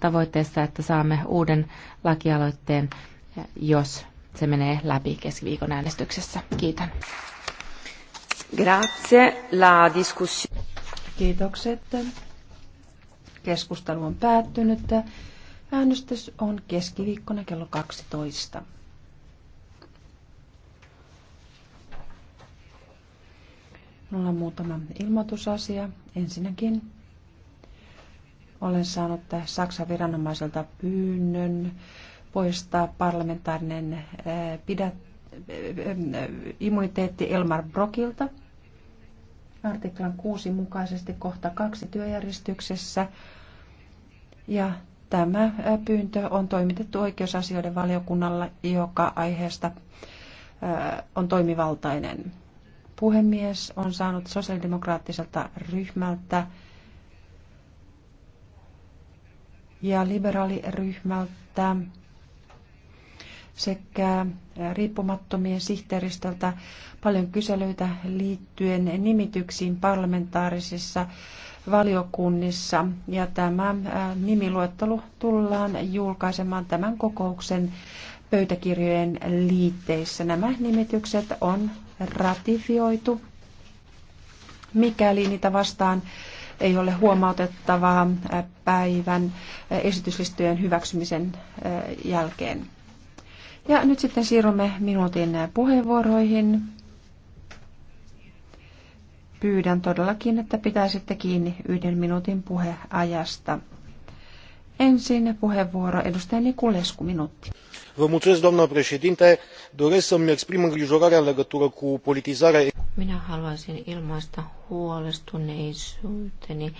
tavoitteessa, että saamme uuden lakialoitteen, jos se menee läpi keskiviikon äänestyksessä. Kiitän. Grazie. La discussione. Kiitokset. Keskustelu on päättynyt. Äänestys on keskiviikkona kello 12. Minulla on muutama ilmoitusasia. Ensinnäkin olen saanut Saksan viranomaiselta pyynnön poistaa parlamentaarinen eh, pidät, eh, immuniteetti Elmar Brokilta artiklan 6 mukaisesti kohta kaksi työjärjestyksessä. Ja tämä eh, pyyntö on toimitettu oikeusasioiden valiokunnalla, joka aiheesta on toimivaltainen. Puhemies on saanut sosiaalidemokraattiselta ryhmältä ja liberaaliryhmältä sekä riippumattomien sihteeristöltä paljon kyselyitä liittyen nimityksiin parlamentaarisissa valiokunnissa. Ja tämä nimiluettelo tullaan julkaisemaan tämän kokouksen pöytäkirjojen liitteissä. Nämä nimitykset on ratifioitu, mikäli niitä vastaan ei ole huomautettavaa päivän esityslistojen hyväksymisen jälkeen. Ja nyt sitten siirrymme minuutin puheenvuoroihin. Pyydän todellakin, että pitäisitte kiinni yhden minuutin puheajasta. Ensin puheenvuoro edustaja Nikulesku, minuutti doresc să îmi exprim îngrijorarea în legătură cu politizarea. minä haluaisin ilmaista huolestuneisuuteni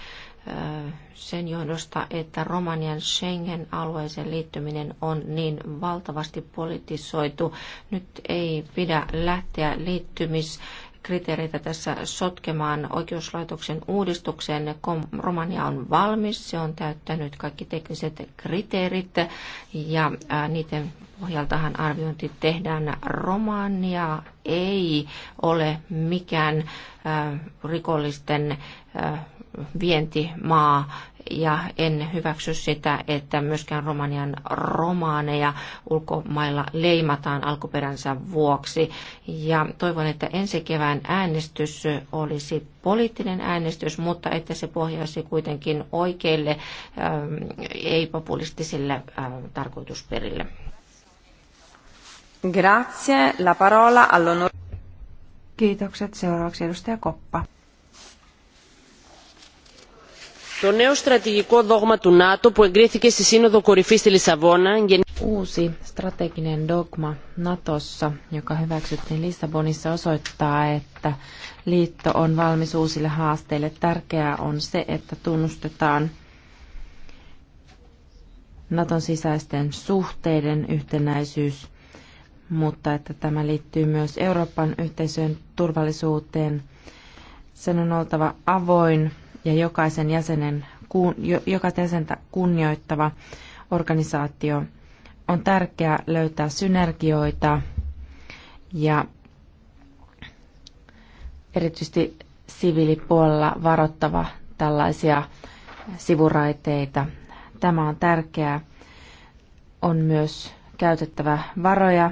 äh, sen johdosta, että Romanian Schengen-alueeseen liittyminen on niin valtavasti politisoitu. Nyt ei pidä lähteä liittymis kriteereitä tässä sotkemaan oikeuslaitoksen uudistukseen. Romania on valmis, se on täyttänyt kaikki tekniset kriteerit ja niiden pohjaltahan arviointi tehdään. Romania ei ole mikään rikollisten vientimaa ja en hyväksy sitä, että myöskään Romanian romaaneja ulkomailla leimataan alkuperänsä vuoksi. Ja toivon, että ensi kevään äänestys olisi poliittinen äänestys, mutta että se pohjaisi kuitenkin oikeille, ähm, ei-populistisille ähm, tarkoitusperille. Grazie. La parola all'onore. Kiitokset. Seuraavaksi edustaja Koppa. Το νέο στρατηγικό δόγμα του ΝΑΤΟ που εγκρίθηκε στη Σύνοδο Κορυφής στη Λισαβόνα... Uusi strateginen dogma Natossa, joka hyväksyttiin Lissabonissa, osoittaa, että liitto on valmis uusille haasteille. Tärkeää on se, että tunnustetaan Naton sisäisten suhteiden yhtenäisyys, mutta että tämä liittyy myös Euroopan yhteisön turvallisuuteen. Sen on oltava avoin ja jokaisen jäsenen, jokaisen jäsentä kunnioittava organisaatio. On tärkeää löytää synergioita ja erityisesti siviilipuolella varottava tällaisia sivuraiteita. Tämä on tärkeää. On myös käytettävä varoja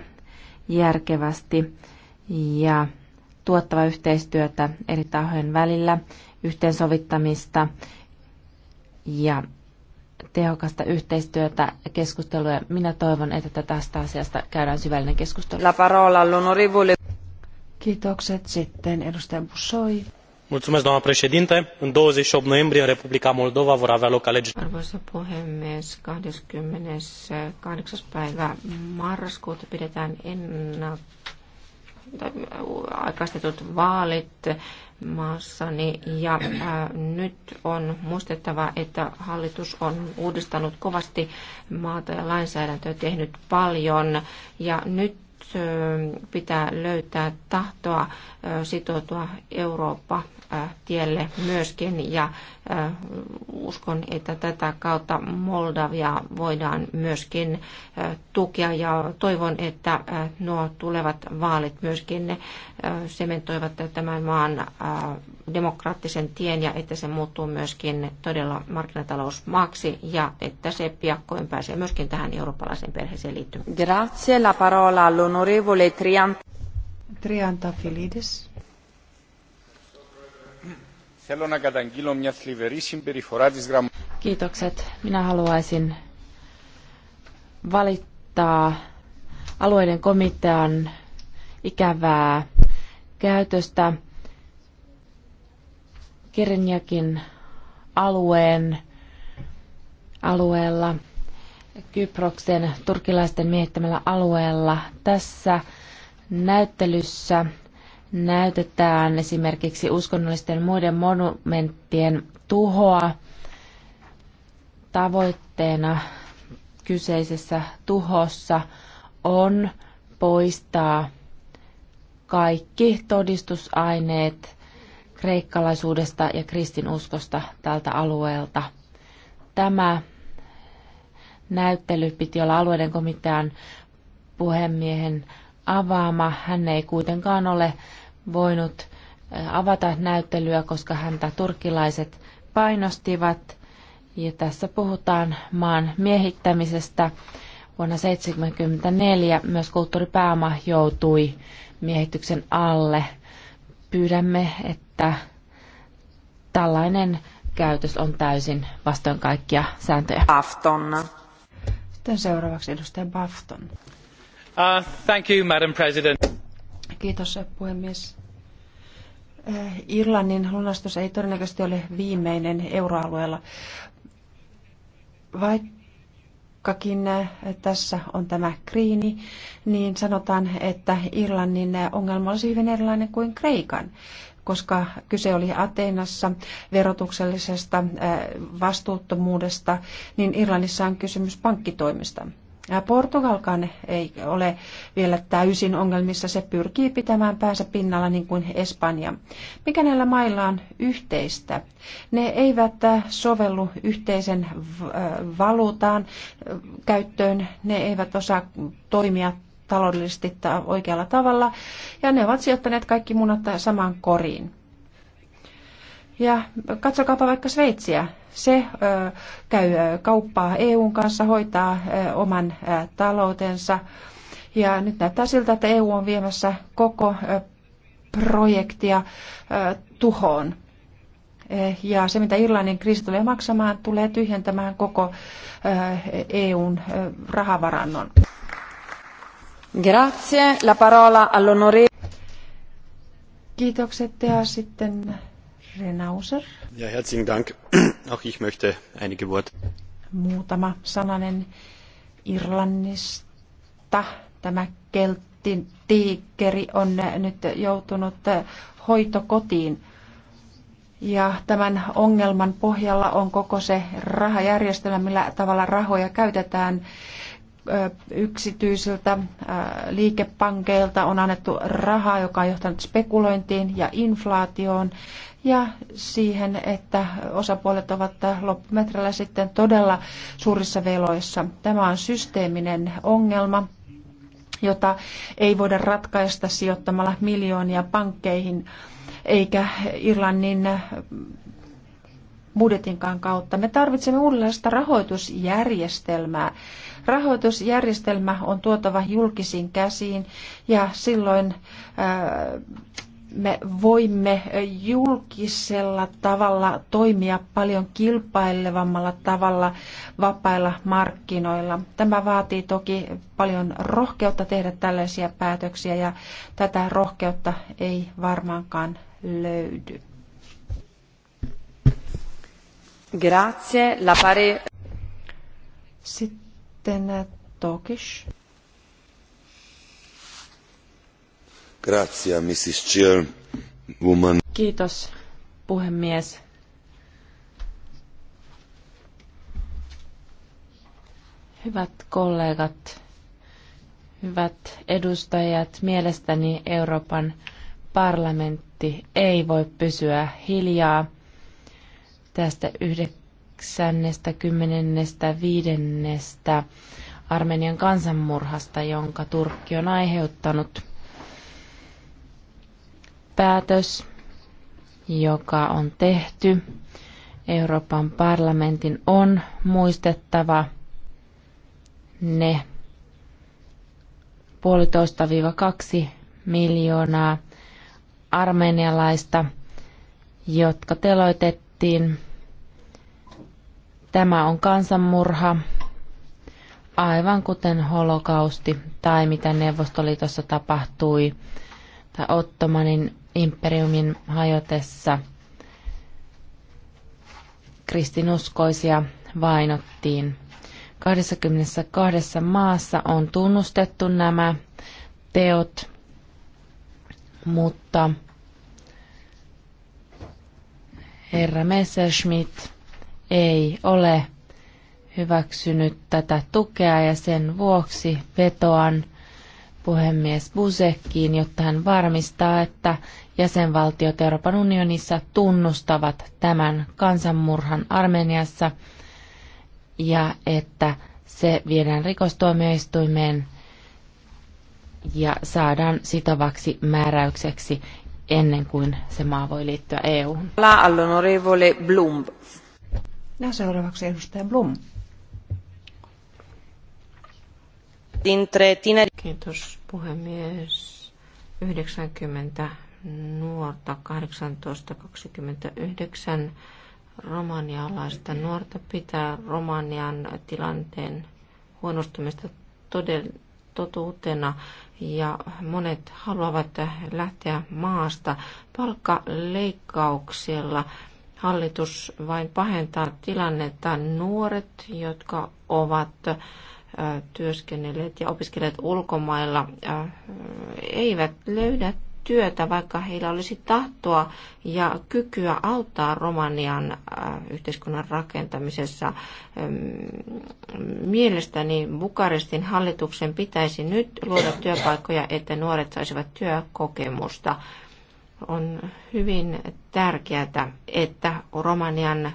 järkevästi ja tuottava yhteistyötä eri tahojen välillä yhteensovittamista ja tehokasta yhteistyötä, keskustelua. Minä toivon, että tästä asiasta käydään syvällinen keskustelu. La parola all'onorevole. Kiitokset sitten edustaja Bussoi. Mulțumesc, doamna președinte. În 28 noiembrie, în Republica Moldova, vor avea loc alegeri. Arvoisa puhemies, 28. päivä marraskuuta pidetään ennak... aikaistetut vaalit maassani. Ja ää, äh, nyt on muistettava, että hallitus on uudistanut kovasti maata ja lainsäädäntöä tehnyt paljon. Ja nyt ää, äh, pitää löytää tahtoa ää, äh, sitoutua Eurooppa Äh, tielle myöskin ja äh, uskon, että tätä kautta Moldavia voidaan myöskin äh, tukea ja toivon, että nuo tulevat vaalit myöskin ne sementoivat tämän maan demokraattisen tien ja että se muuttuu myöskin todella markkinatalousmaaksi ja että se piakkoin pääsee myöskin tähän eurooppalaisen perheeseen liittymään. Grazie, la parola all'onorevole Trianta Triantafilidis. Kiitokset. Minä haluaisin valittaa alueiden komitean ikävää käytöstä Kirinjakin alueen alueella, Kyproksen turkilaisten miehittämällä alueella. Tässä näyttelyssä näytetään esimerkiksi uskonnollisten muiden monumenttien tuhoa. Tavoitteena kyseisessä tuhossa on poistaa kaikki todistusaineet kreikkalaisuudesta ja kristinuskosta tältä alueelta. Tämä näyttely piti olla alueiden komitean puhemiehen avaama. Hän ei kuitenkaan ole voinut äh, avata näyttelyä, koska häntä turkkilaiset painostivat. Ja tässä puhutaan maan miehittämisestä. Vuonna 1974 myös kulttuuripääoma joutui miehityksen alle. Pyydämme, että tällainen käytös on täysin vastoin kaikkia sääntöjä. Bafton. Sitten seuraavaksi edustaja Bafton. Uh, thank you, Madam President. Kiitos puhemies. Eh, Irlannin lunastus ei todennäköisesti ole viimeinen euroalueella. Vaikkakin eh, tässä on tämä kriini, niin sanotaan, että Irlannin eh, ongelma olisi hyvin erilainen kuin Kreikan koska kyse oli Ateenassa verotuksellisesta vastuuttomuudesta, niin Irlannissa on kysymys pankkitoimista. Portugalkaan ei ole vielä täysin ongelmissa. Se pyrkii pitämään päänsä pinnalla niin kuin Espanja. Mikä näillä mailla on yhteistä? Ne eivät sovellu yhteisen valuutaan käyttöön. Ne eivät osaa toimia taloudellisesti oikealla tavalla. Ja ne ovat sijoittaneet kaikki munat samaan koriin. Ja katsokaapa vaikka Sveitsiä. Se ö, käy kauppaa EUn kanssa, hoitaa ö, oman ö, taloutensa. Ja nyt näyttää siltä, että EU on viemässä koko ö, projektia ö, tuhoon. E, ja se, mitä Irlannin kriisi tulee maksamaan, tulee tyhjentämään koko EUn rahavarannon. Grazie. La parola all'onore. Kiitokset ja sitten Renauser. Ja, herzlichen Dank. Auch ich möchte einige Worte. Muutama sananen Irlannista. Tämä keltin tiikeri on nyt joutunut hoitokotiin. Ja tämän ongelman pohjalla on koko se rahajärjestelmä, millä tavalla rahoja käytetään yksityisiltä liikepankeilta on annettu rahaa, joka on johtanut spekulointiin ja inflaatioon ja siihen, että osapuolet ovat loppumetrellä sitten todella suurissa veloissa. Tämä on systeeminen ongelma, jota ei voida ratkaista sijoittamalla miljoonia pankkeihin eikä Irlannin budjetinkaan kautta. Me tarvitsemme uudenlaista rahoitusjärjestelmää. Rahoitusjärjestelmä on tuotava julkisiin käsiin ja silloin äh, me voimme julkisella tavalla toimia paljon kilpailevammalla tavalla vapailla markkinoilla. Tämä vaatii toki paljon rohkeutta tehdä tällaisia päätöksiä ja tätä rohkeutta ei varmaankaan löydy. Grazie, la pare... Sitten sitten eh, Tokish. Grazie, Mrs. woman. Kiitos, puhemies. Hyvät kollegat, hyvät edustajat, mielestäni Euroopan parlamentti ei voi pysyä hiljaa tästä yhdestä yhdeksännestä, Armenian kansanmurhasta, jonka Turkki on aiheuttanut. Päätös, joka on tehty Euroopan parlamentin, on muistettava ne puolitoista kaksi miljoonaa armenialaista, jotka teloitettiin Tämä on kansanmurha, aivan kuten holokausti tai mitä Neuvostoliitossa tapahtui tai Ottomanin imperiumin hajotessa kristinuskoisia vainottiin. 22 maassa on tunnustettu nämä teot, mutta herra Messerschmidt, ei ole hyväksynyt tätä tukea ja sen vuoksi vetoan puhemies Busekkiin, jotta hän varmistaa, että jäsenvaltiot Euroopan unionissa tunnustavat tämän kansanmurhan Armeniassa ja että se viedään rikostuomioistuimeen ja saadaan sitovaksi määräykseksi ennen kuin se maa voi liittyä EU-hun. La all'onorevole Blum. Ja seuraavaksi edustaja Blum. Kiitos puhemies. 90 nuorta, 18-29 romanialaista nuorta pitää Romanian tilanteen huonostumista todell- totuutena ja monet haluavat lähteä maasta palkkaleikkauksella hallitus vain pahentaa tilannetta. Nuoret, jotka ovat työskennelleet ja opiskelleet ulkomailla, eivät löydä työtä, vaikka heillä olisi tahtoa ja kykyä auttaa Romanian yhteiskunnan rakentamisessa. Mielestäni Bukarestin hallituksen pitäisi nyt luoda työpaikkoja, että nuoret saisivat työkokemusta on hyvin tärkeää, että Romanian äh,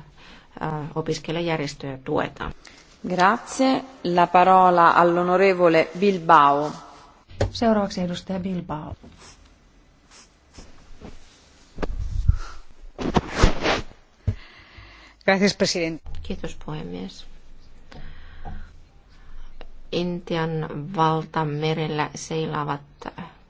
opiskelijajärjestöjä tuetaan. Grazie. La parola all'onorevole Bilbao. Seuraavaksi edustaja Bilbao. Gracias, presidente. Kiitos puhemies. Intian valtamerellä seilaavat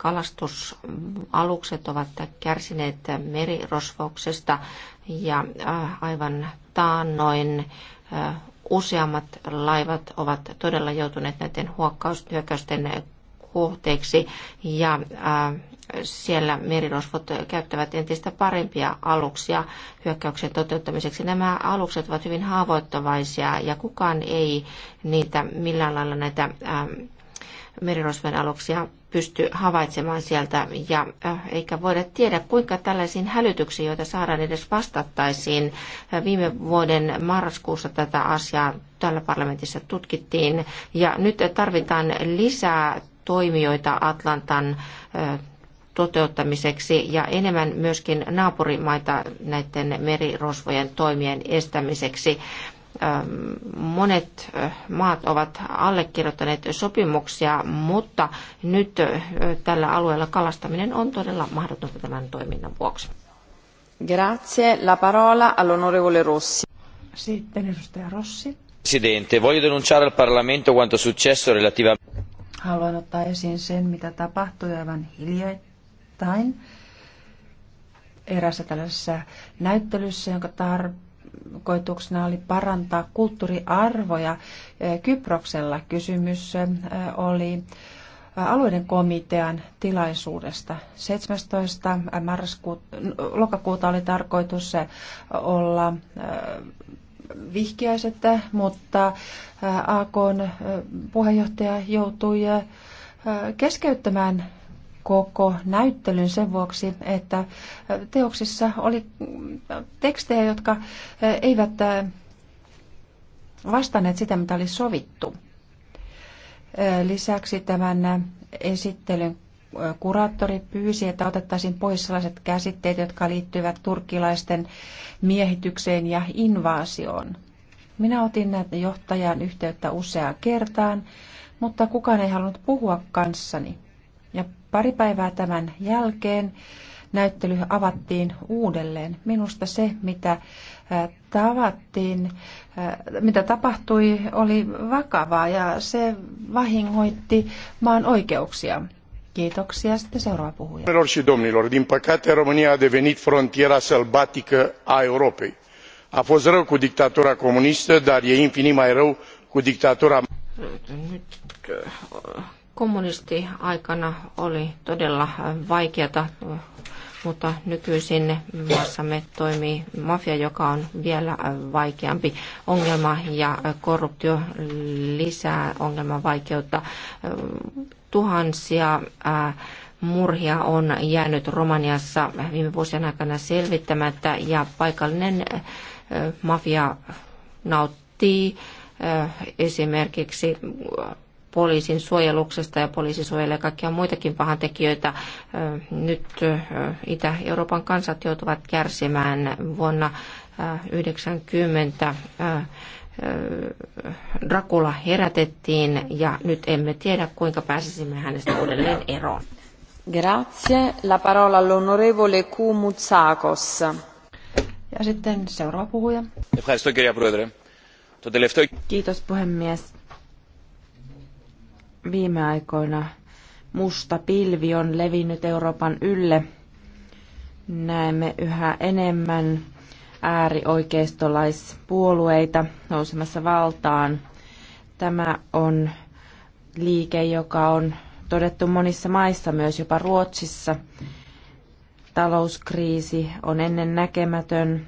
kalastusalukset ovat kärsineet merirosvouksesta ja äh, aivan taannoin äh, useammat laivat ovat todella joutuneet näiden huokkaustyökäysten kohteeksi ja äh, siellä merirosvot käyttävät entistä parempia aluksia hyökkäyksen toteuttamiseksi. Nämä alukset ovat hyvin haavoittavaisia ja kukaan ei niitä millään lailla näitä ähm, merirosven aluksia pysty havaitsemaan sieltä, ja äh, eikä voida tiedä, kuinka tällaisiin hälytyksiin, joita saadaan edes vastattaisiin. Äh, viime vuoden marraskuussa tätä asiaa tällä parlamentissa tutkittiin, ja nyt tarvitaan lisää toimijoita Atlantan äh, toteuttamiseksi ja enemmän myöskin naapurimaita näiden merirosvojen toimien estämiseksi. Ähm, monet äh, maat ovat allekirjoittaneet sopimuksia, mutta nyt äh, tällä alueella kalastaminen on todella mahdotonta tämän toiminnan vuoksi. Grazie. La parola all'onorevole Rossi. Sitten edustaja Rossi. Presidente, voglio denunciare al Parlamento quanto successo relativa. Haluan ottaa esiin sen, mitä tapahtui aivan hiljattain erässä tällaisessa näyttelyssä, jonka tarpeen tarkoituksena oli parantaa kulttuuriarvoja Kyproksella. Kysymys oli alueiden komitean tilaisuudesta. 17. Marraskuuta, lokakuuta oli tarkoitus olla vihkiäiset, mutta AK puheenjohtaja joutui keskeyttämään koko näyttelyn sen vuoksi, että äh, teoksissa oli äh, tekstejä, jotka äh, eivät vastanneet sitä, mitä oli sovittu. Lisäksi tämän esittelyn kuraattori pyysi, että otettaisiin pois sellaiset käsitteet, jotka liittyvät turkkilaisten miehitykseen ja invaasioon. Minä otin näitä johtajan yhteyttä useaan kertaan, mutta kukaan ei halunnut puhua kanssani. Ja pari päivää tämän jälkeen näyttely avattiin uudelleen. Minusta se, mitä tavattiin, mitä tapahtui, oli vakavaa ja se vahingoitti maan oikeuksia. Kiitoksia. Sitten seuraava puhuja. și domnilor, din păcate România a devenit frontiera sălbatică a Europei. A fost rău cu dictatura comunistă, dar e infinit mai rău cu dictatura... Kommunistiaikana oli todella äh, vaikeata, mutta nykyisin maassamme toimii mafia, joka on vielä äh, vaikeampi ongelma ja äh, korruptio lisää ongelman vaikeutta. Tuhansia murhia on jäänyt Romaniassa viime vuosien aikana selvittämättä ja paikallinen mafia nauttii esimerkiksi poliisin suojeluksesta ja poliisi suojelee kaikkia muitakin pahantekijöitä. Nyt Itä-Euroopan kansat joutuvat kärsimään vuonna 90 Rakula herätettiin ja nyt emme tiedä kuinka pääsisimme hänestä uudelleen eroon. Grazie. La parola all'onorevole Kumutsakos. Ja sitten seuraava puhuja. Kiitos puhemies Viime aikoina musta pilvi on levinnyt Euroopan ylle. Näemme yhä enemmän äärioikeistolaispuolueita nousemassa valtaan. Tämä on liike, joka on todettu monissa maissa, myös jopa Ruotsissa. Talouskriisi on ennen näkemätön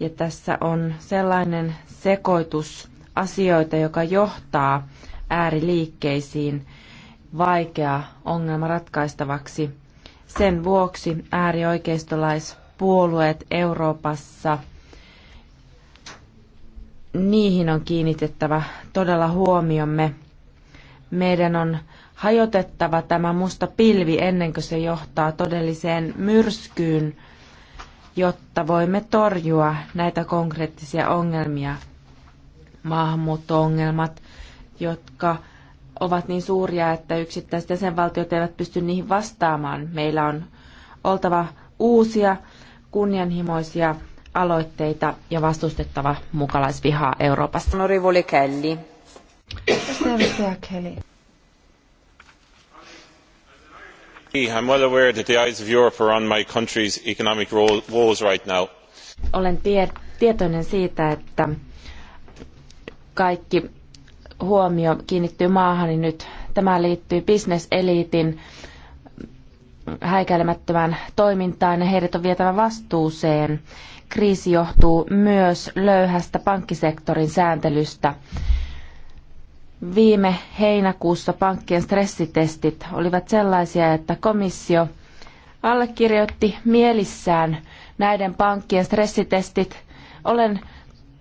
ja tässä on sellainen sekoitus asioita, joka johtaa ääriliikkeisiin vaikea ongelma ratkaistavaksi. Sen vuoksi äärioikeistolaispuolueet Euroopassa, niihin on kiinnitettävä todella huomiomme. Meidän on hajotettava tämä musta pilvi ennen kuin se johtaa todelliseen myrskyyn, jotta voimme torjua näitä konkreettisia ongelmia. Maahanmuutto-ongelmat, jotka ovat niin suuria, että yksittäiset jäsenvaltiot eivät pysty niihin vastaamaan. Meillä on oltava uusia kunnianhimoisia aloitteita ja vastustettava mukalaisvihaa Euroopassa. Honorable Kelly. I'm well aware that the eyes of Europe are on my country's economic woes right now. Olen tie- tietoinen siitä, että kaikki huomio kiinnittyy niin nyt. Tämä liittyy bisneseliitin häikäilemättömään toimintaan ja heidät on vietävä vastuuseen. Kriisi johtuu myös löyhästä pankkisektorin sääntelystä. Viime heinäkuussa pankkien stressitestit olivat sellaisia, että komissio allekirjoitti mielissään näiden pankkien stressitestit. Olen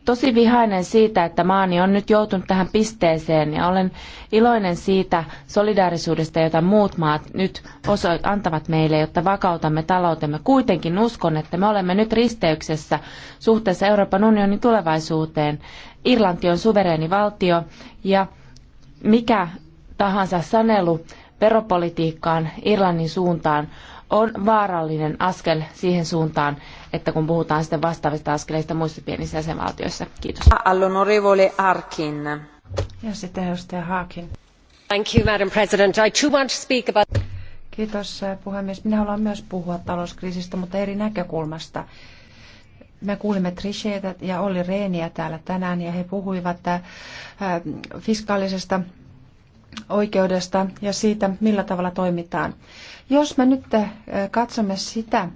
tosi vihainen siitä, että maani on nyt joutunut tähän pisteeseen ja olen iloinen siitä solidaarisuudesta, jota muut maat nyt osoit, antavat meille, jotta vakautamme taloutemme. Kuitenkin uskon, että me olemme nyt risteyksessä suhteessa Euroopan unionin tulevaisuuteen. Irlanti on suvereeni valtio ja mikä tahansa sanelu veropolitiikkaan Irlannin suuntaan on vaarallinen askel siihen suuntaan, että kun puhutaan sitten vastaavista askeleista muissa pienissä jäsenvaltioissa. Kiitos. All'onorevole Harkin. Ja sitten edustaja Thank you, Madam President. I too want to speak about... Kiitos eh, puhemies. Minä haluan myös puhua talouskriisistä, mutta eri näkökulmasta. Me kuulimme Trisheitä ja Olli Reeniä täällä tänään ja he puhuivat eh, eh, fiskaalisesta oikeudesta ja siitä, millä tavalla toimitaan. Jos me nyt eh, katsomme sitä,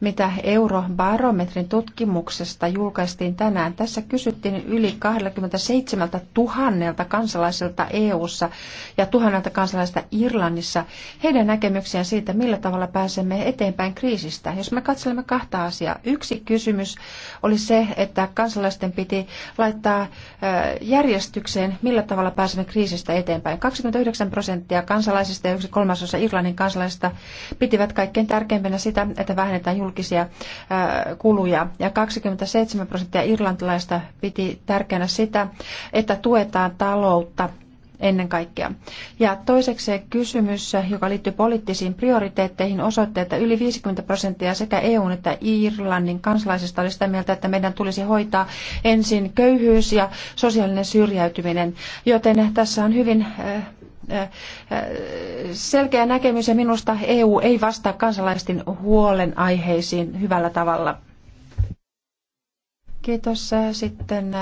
mitä eurobarometrin tutkimuksesta julkaistiin tänään. Tässä kysyttiin yli 27 000 kansalaiselta EU-ssa ja tuhannelta kansalaiselta Irlannissa heidän näkemyksiään siitä, millä tavalla pääsemme eteenpäin kriisistä. Jos me katselemme kahta asiaa. Yksi kysymys oli se, että kansalaisten piti laittaa järjestykseen, millä tavalla pääsemme kriisistä eteenpäin. 29 prosenttia kansalaisista ja yksi kolmasosa Irlannin kansalaisista pitivät kaikkein tärkeimpänä sitä, että vähennetään julkisia kuluja. Ja 27 prosenttia irlantilaista piti tärkeänä sitä, että tuetaan taloutta ennen kaikkea. Ja toiseksi kysymys, joka liittyy poliittisiin prioriteetteihin, osoitti, että yli 50 prosenttia sekä EUn että Irlannin kansalaisista oli sitä mieltä, että meidän tulisi hoitaa ensin köyhyys ja sosiaalinen syrjäytyminen, joten tässä on hyvin selkeä näkemys ja minusta EU ei vastaa kansalaisten huolenaiheisiin hyvällä tavalla. Kiitos. Sitten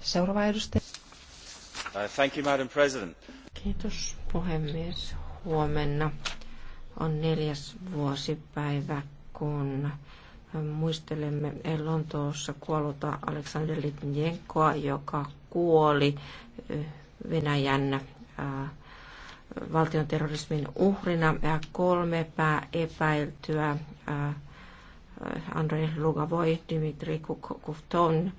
seuraava edustaja. Uh, thank you, Madam President. Kiitos puhemies. Huomenna on neljäs vuosipäivä, kun muistelemme Lontoossa kuollutta Aleksander Litvinenkoa, joka kuoli Venäjän äh, valtion terrorismin uhrina ja kolme epäiltyä. Äh, Andrei Lugavoi, Dimitri Kukovton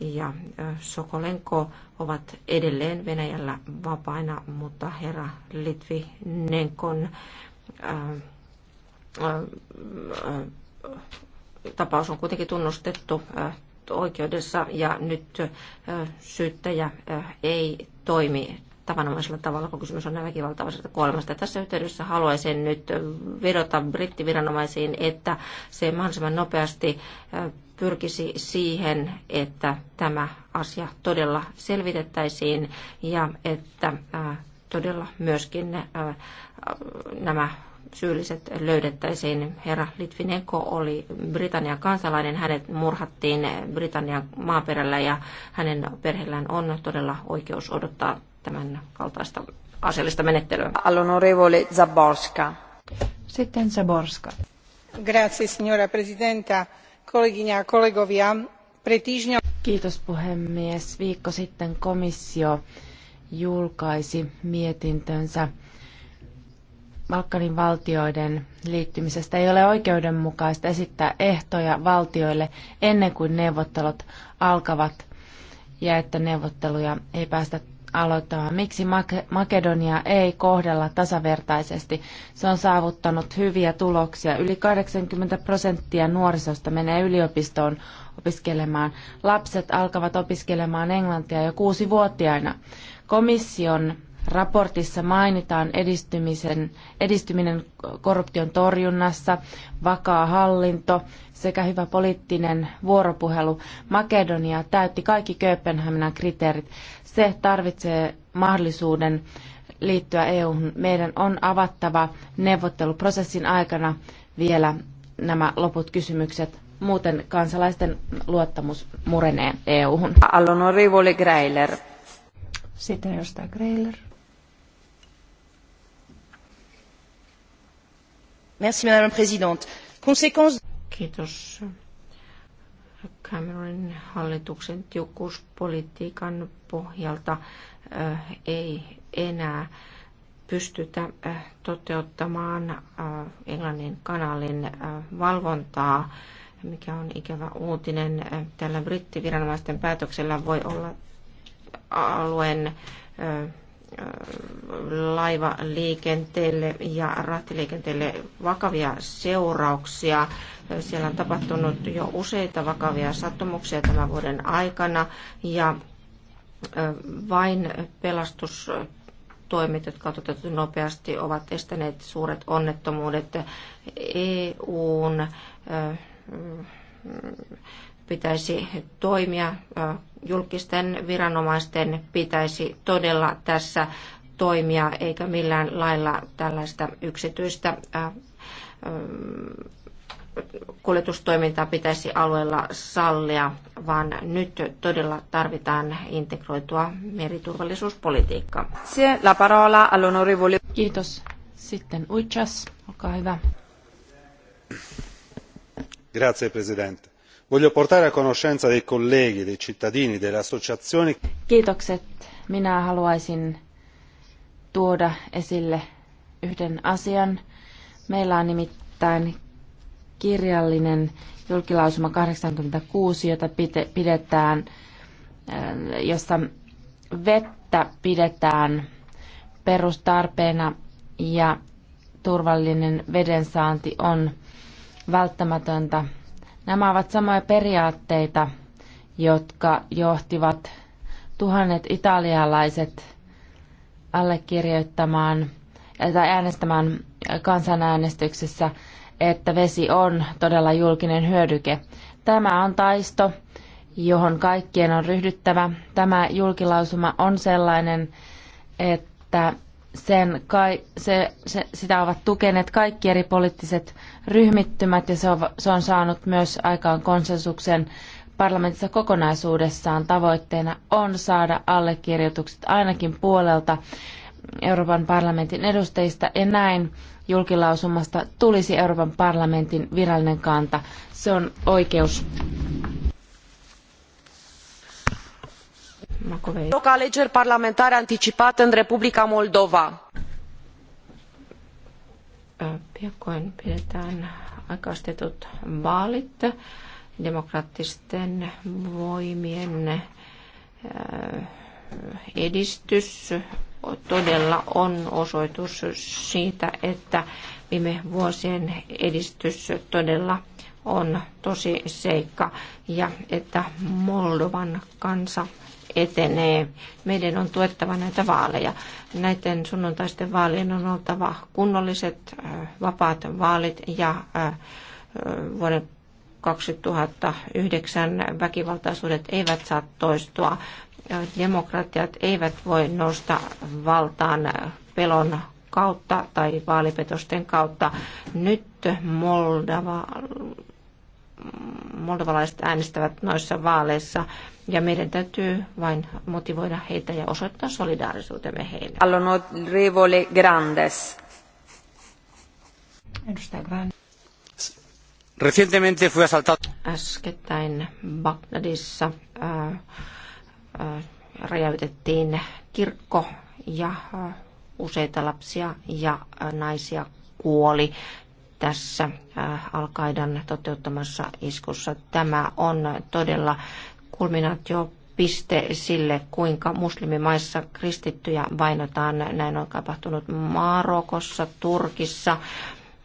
ja äh, Sokolenko ovat edelleen Venäjällä vapaina, mutta herra Nenkon äh, tapaus on kuitenkin tunnustettu oikeudessa ja nyt syyttäjä ei toimi tavanomaisella tavalla, kun kysymys on väkivaltaisesta kuolemasta. Tässä yhteydessä haluaisin nyt vedota brittiviranomaisiin, että se mahdollisimman nopeasti pyrkisi siihen, että tämä asia todella selvitettäisiin ja että todella myöskin nämä syylliset löydettäisiin. Herra Litvinenko oli Britannian kansalainen. Hänet murhattiin Britannian maaperällä ja hänen perheellään on todella oikeus odottaa tämän kaltaista aseellista menettelyä. All'onorevole Zaborska. Sitten Zaborska. Grazie, signora presidenta, kollegina kollegovia. Kiitos puhemies. Viikko sitten komissio julkaisi mietintönsä Balkanin valtioiden liittymisestä. Ei ole oikeudenmukaista esittää ehtoja valtioille ennen kuin neuvottelut alkavat ja että neuvotteluja ei päästä aloittaa. Miksi Makedonia ei kohdella tasavertaisesti? Se on saavuttanut hyviä tuloksia. Yli 80 prosenttia nuorisosta menee yliopistoon opiskelemaan. Lapset alkavat opiskelemaan englantia jo kuusi-vuotiaina. Komission Raportissa mainitaan edistymisen, edistyminen korruption torjunnassa, vakaa hallinto sekä hyvä poliittinen vuoropuhelu. Makedonia täytti kaikki Kööpenhaminan kriteerit. Se tarvitsee mahdollisuuden liittyä EU:hun. Meidän on avattava neuvotteluprosessin aikana vielä nämä loput kysymykset. Muuten kansalaisten luottamus murenee EU-hun. Greiler. Sitten jostain Greiler. madame la présidente. Conséquence... Kiitos. Cameronin hallituksen tiukkuuspolitiikan pohjalta äh, ei enää pystytä äh, toteuttamaan äh, Englannin kanalin äh, valvontaa, mikä on ikävä uutinen. Äh, tällä brittiviranomaisten päätöksellä voi olla alueen äh, laivaliikenteelle ja rahtiliikenteelle vakavia seurauksia. Siellä on tapahtunut jo useita vakavia sattumuksia tämän vuoden aikana ja vain pelastus toimet, jotka on toteutettu nopeasti, ovat estäneet suuret onnettomuudet. EUn pitäisi toimia julkisten viranomaisten pitäisi todella tässä toimia, eikä millään lailla tällaista yksityistä kuljetustoimintaa pitäisi alueella sallia, vaan nyt todella tarvitaan integroitua meriturvallisuuspolitiikkaa. La parola all'onorevole. Kiitos. Sitten Uitsas, olkaa hyvä. Grazie, presidente voglio portare a conoscenza dei colleghi dei cittadini delle associazioni. kiitokset minä haluaisin tuoda esille yhden asian meillä on nimittäin kirjallinen julkilausuma 86 jota pidetään äh, jossa vettä pidetään perustarpeena ja turvallinen vedensaanti on välttämätöntä Nämä ovat samoja periaatteita, jotka johtivat tuhannet italialaiset allekirjoittamaan tai äänestämään kansanäänestyksessä, että vesi on todella julkinen hyödyke. Tämä on taisto, johon kaikkien on ryhdyttävä. Tämä julkilausuma on sellainen, että sen kai, se, se, sitä ovat tukeneet kaikki eri poliittiset ryhmittymät ja se on, se on saanut myös aikaan konsensuksen parlamentissa kokonaisuudessaan. Tavoitteena on saada allekirjoitukset ainakin puolelta Euroopan parlamentin edustajista ja näin julkilausumasta tulisi Euroopan parlamentin virallinen kanta. Se on oikeus Macovei. Loc alegeri parlamentare anticipate în Republica Moldova. Piakkoin pidetään aikaistetut vaalit voimien edistys todella on osoitus siitä, että viime vuosien edistys todella on tosi seikka ja että Moldovan kansa etenee. Meidän on tuettava näitä vaaleja. Näiden sunnuntaisten vaalien on oltava kunnolliset vapaat vaalit ja vuoden 2009 väkivaltaisuudet eivät saa toistua. Demokratiat eivät voi nousta valtaan pelon kautta tai vaalipetosten kautta. Nyt Moldova, moldovalaiset äänestävät noissa vaaleissa. Ja meidän täytyy vain motivoida heitä ja osoittaa solidaarisuutemme heille. All'onorevole Grandes. Edustaja Grandes. Recientemente fui asaltado. Äskettäin Bagdadissa äh, äh, räjäytettiin kirkko ja äh, useita lapsia ja naisia kuoli tässä Al-Qaidan toteuttamassa iskussa. Tämä on todella kulminaatio piste sille, kuinka muslimimaissa kristittyjä vainotaan. Näin on tapahtunut Marokossa, Turkissa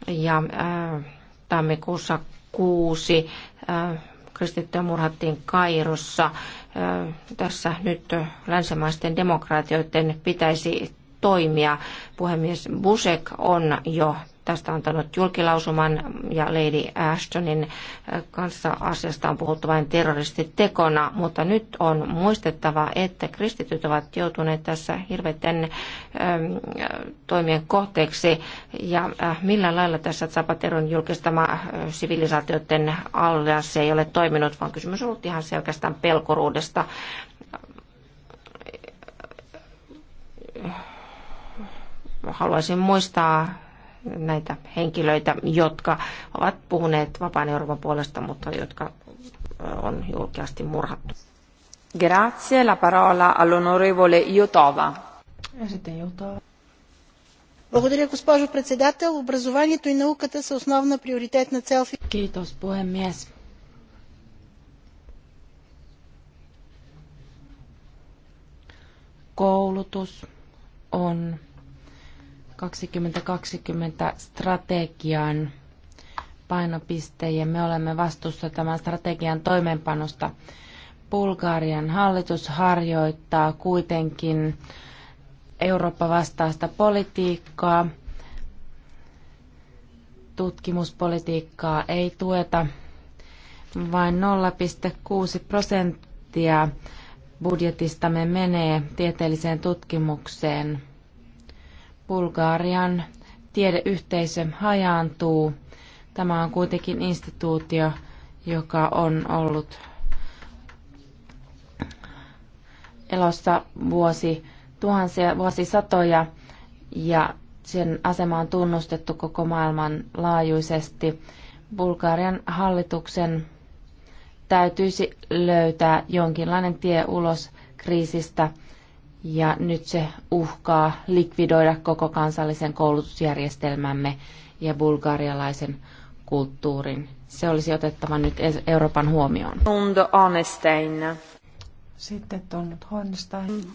ja äh, tammikuussa kuusi äh, kristittyä murhattiin Kairossa. Äh, tässä nyt länsimaisten demokraatioiden pitäisi toimia. Puhemies Busek on jo tästä antanut julkilausuman ja Lady Ashtonin äh, kanssa asiasta on puhuttu vain terroristitekona, mutta nyt on muistettava, että kristityt ovat joutuneet tässä hirveiden ähm, toimien kohteeksi ja äh, millä lailla tässä Zapateron julkistama äh, sivilisaatioiden allianssi ei ole toiminut, vaan kysymys on ollut ihan selkeästään pelkoruudesta. haluaisin muistaa näitä henkilöitä, jotka ovat puhuneet vapaan Euroopan puolesta, mutta jotka on julkeasti murhattu. Grazie, la parola all'onorevole Jotova. Ja sitten Jotova. Благодаря, госпожо председател. Образованието и науката са основна приоритетна цел. Kiitos, puhemies. Koulutus on 2020 strategian painopiste ja me olemme vastuussa tämän strategian toimeenpanosta. Bulgarian hallitus harjoittaa kuitenkin Eurooppa vastaista politiikkaa. Tutkimuspolitiikkaa ei tueta. Vain 0,6 prosenttia budjetistamme menee tieteelliseen tutkimukseen – Bulgarian tiedeyhteisö hajaantuu. Tämä on kuitenkin instituutio, joka on ollut elossa vuosi tuhansia, vuosisatoja ja sen asema on tunnustettu koko maailman laajuisesti. Bulgarian hallituksen täytyisi löytää jonkinlainen tie ulos kriisistä – ja nyt se uhkaa likvidoida koko kansallisen koulutusjärjestelmämme ja bulgarialaisen kulttuurin. Se olisi otettava nyt Euroopan huomioon. Sitten on Hornstein.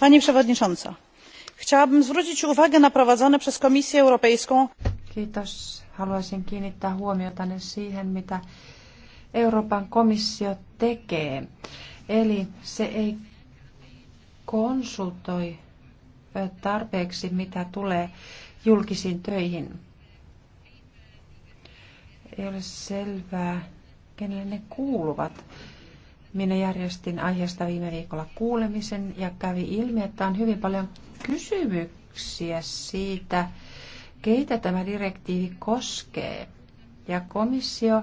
Pani przewodnicząca, chciałabym zwrócić uwagę na prowadzone przez Komisję Europejską. Kiitos. Haluaisin kiinnittää huomiota siihen, mitä Euroopan komissio tekee. Eli se ei konsultoi tarpeeksi, mitä tulee julkisiin töihin. Ei ole selvää, kenelle ne kuuluvat. Minä järjestin aiheesta viime viikolla kuulemisen ja kävi ilmi, että on hyvin paljon kysymyksiä siitä, keitä tämä direktiivi koskee. Ja komissio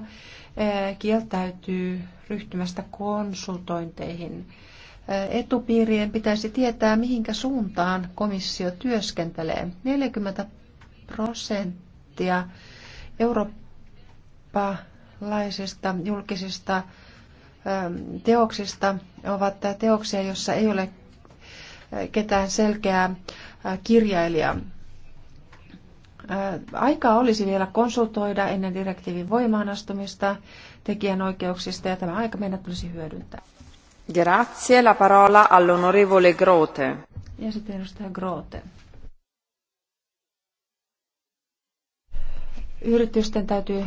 eh, kieltäytyy ryhtymästä konsultointeihin etupiirien pitäisi tietää, mihinkä suuntaan komissio työskentelee. 40 prosenttia eurooppalaisista julkisista teoksista ovat teoksia, joissa ei ole ketään selkeää kirjailijaa. Aikaa olisi vielä konsultoida ennen direktiivin voimaanastumista tekijänoikeuksista ja tämä aika meidän tulisi hyödyntää. Grazie. La parola all'onorevole Grote. Ja sitten edustaja Grote. Yritysten täytyy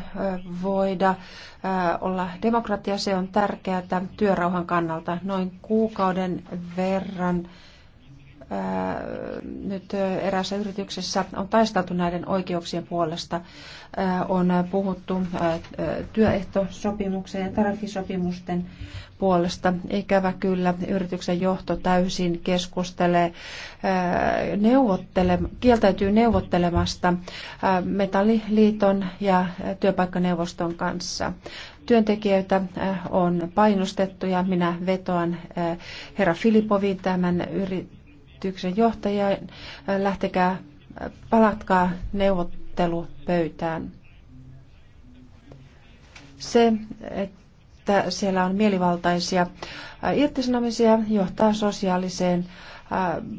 voida olla demokratia, se on tärkeää työrauhan kannalta. Noin kuukauden verran nyt eräässä yrityksessä on taisteltu näiden oikeuksien puolesta. On puhuttu työehtosopimuksen ja tarkisopimusten puolesta. Ikävä kyllä yrityksen johto täysin keskustelee, neuvottele, kieltäytyy neuvottelemasta Metalliliiton ja työpaikkaneuvoston kanssa. Työntekijöitä on painostettu ja minä vetoan herra Filipoviin tämän yrityksen yrityksen johtaja, lähtekää, palatkaa neuvottelupöytään. Se, että siellä on mielivaltaisia irtisanomisia, johtaa sosiaaliseen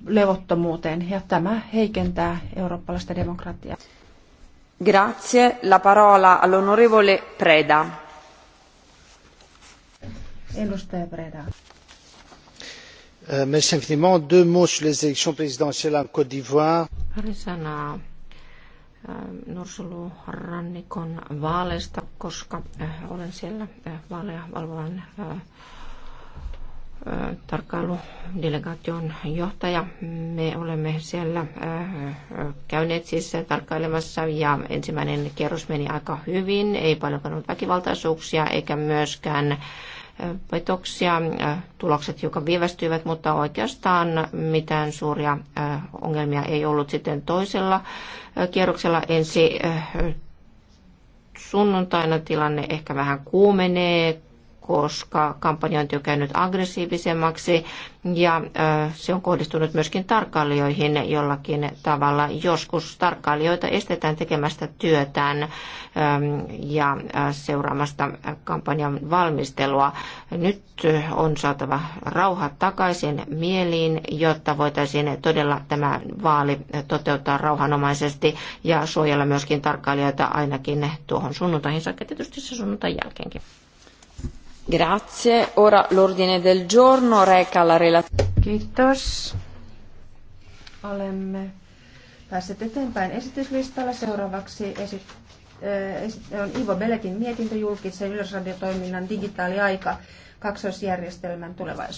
levottomuuteen ja tämä heikentää eurooppalaista demokratiaa. Grazie. La parola all'onorevole Preda. Edustaja Preda. Euh, Merci infiniment. Deux mots sur les élections présidentielles en Côte d'Ivoire. sanaa euh, vaaleista, koska äh, olen siellä äh, vaaleja valvovan äh, tarkkailudelegaation johtaja. Me olemme siellä käyneet siis tarkkailemassa ja ensimmäinen kierros meni aika hyvin. Ei paljon ollut väkivaltaisuuksia eikä myöskään petoksia. Äh, tulokset hiukan viivästyivät, mutta oikeastaan mitään suuria äh, ongelmia ei ollut sitten toisella äh, kierroksella. Ensi sunnuntaina tilanne ehkä vähän kuumenee, koska kampanjointi on käynyt aggressiivisemmaksi ja se on kohdistunut myöskin tarkkailijoihin jollakin tavalla. Joskus tarkkailijoita estetään tekemästä työtään ja seuraamasta kampanjan valmistelua. Nyt on saatava rauha takaisin mieliin, jotta voitaisiin todella tämä vaali toteuttaa rauhanomaisesti ja suojella myöskin tarkkailijoita ainakin tuohon sunnuntaihin saakka, tietysti se sunnuntain jälkeenkin. Grazie. Ora l'ordine del giorno reca la relazione. Kiitos. Olemme päässeet eteenpäin esityslistalla. Seuraavaksi esi- äh, on Ivo Beletin mietintö julkisen yleisradiotoiminnan digitaaliaika kaksoisjärjestelmän tulevaisuus.